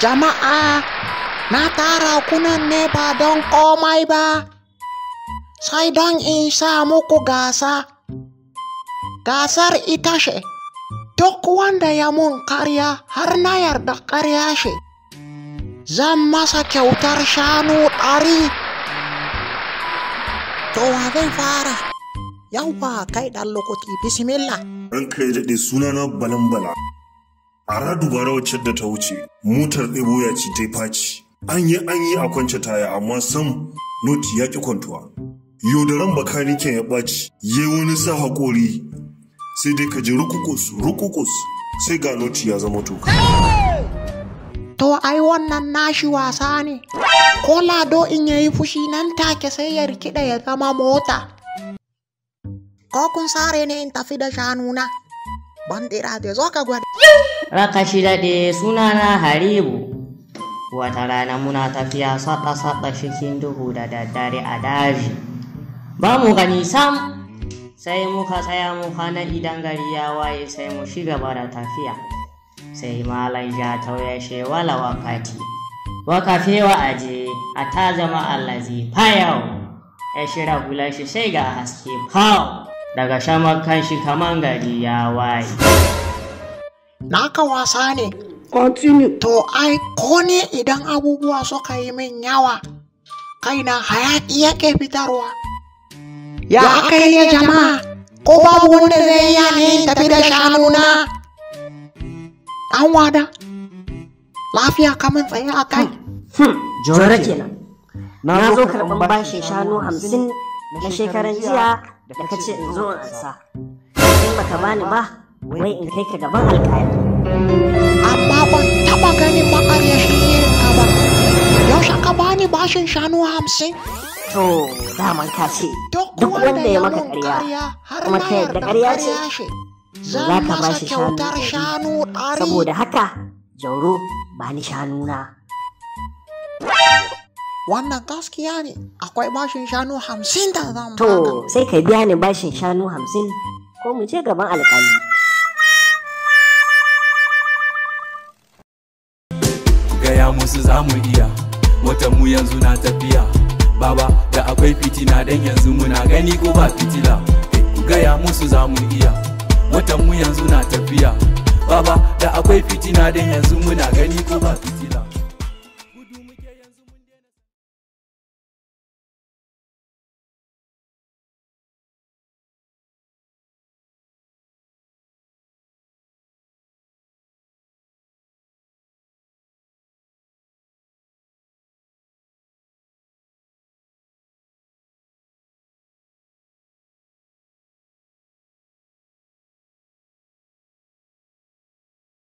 Jama'a, na tara kunan ne ba don komai ba, sai don in sa muku gasa. Gasar ita ce, duk wanda ya mun karya har na yarda karya shi, zan masa kyautar shanu ɗari. To wa zai fara, yawwa kai ɗan lokaci bismillah. Ranka kai daɗe sunana balan bala. a radu bara wacce da ta wuce motar ɗebo ya ci ta faci an yi an yi a kwance taya amma sam noti ya ƙi kwantuwa baka, bakaniken ya ɓaci ya wani sa haƙori sai dai ka ji rukukus rukukus sai ga noti ya zama toka to ai wannan nashi wasa ne ko lado in yayi fushi nan take sai ya rikida ya zama mota ko kun sare ne in tafi da shanuna bandira da zo ka gwada raka shi daɗe na, haribu wata rana muna tafiya saɗa-saɗa cikin duhu da daddare a daji ba mu gani sam sai muka tsaya muka na idan gari ya waye sai mu shi gaba da tafiya sai malam ja tauyashe wala wakati wakafewa aje a ta zama allazi fayau ya shira hula shi sai ga haske fau daga shamakkan shi kaman gari ya waye naka wasa ne continue to ai ko ne idan abubuwa suka yi min yawa kaina hayaki yake fitarwa ya yi ya jama'a ko babu wanda zai yi ne tafi da shanuna an wada lafiya kamar tsaye a kai hmm. Hmm. jore kenan na zo karɓar bashi shanu hamsin na shekaran jiya da ka ce in zo in ansa in baka bani ba wai in kai ka gaban alƙali. Amma ban taɓa ganin maƙaryashi irin ka ba. Yaushe ka bani bashin shanu hamsin? To, daman ka ce, duk wanda ya maka ƙarya, kuma ta yadda ƙarya ce, za ka ba shi shanu ɗari. Saboda haka, Jauro, ba ni shanu na. Wannan gaskiya ne, akwai bashin shanu hamsin da zan To, sai ka biya ni bashin shanu hamsin, ko mu je gaban alƙali. nuna musu za mu iya motar mu yanzu na tafiya baba da akwai fitina dan yanzu muna gani ko ba fitila eh, ku gaya musu za mu iya motar mu yanzu na tafiya baba da akwai fitina dan yanzu muna gani ko ba fitila